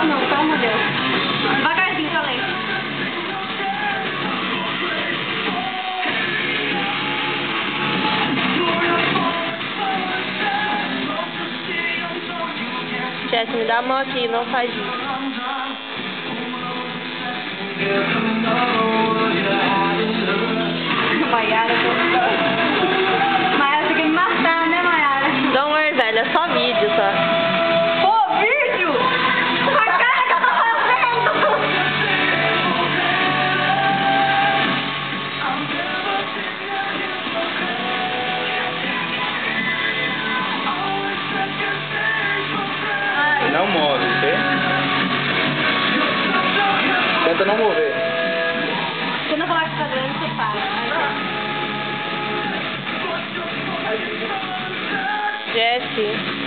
Não, não, pelo amor Deus. Devagarzinho, tá lento. Jess, me dá a mão aqui, não faz isso. Não move, ok? Tenta não mover. Quando eu falar que tá grande, você para. Né? Jesse.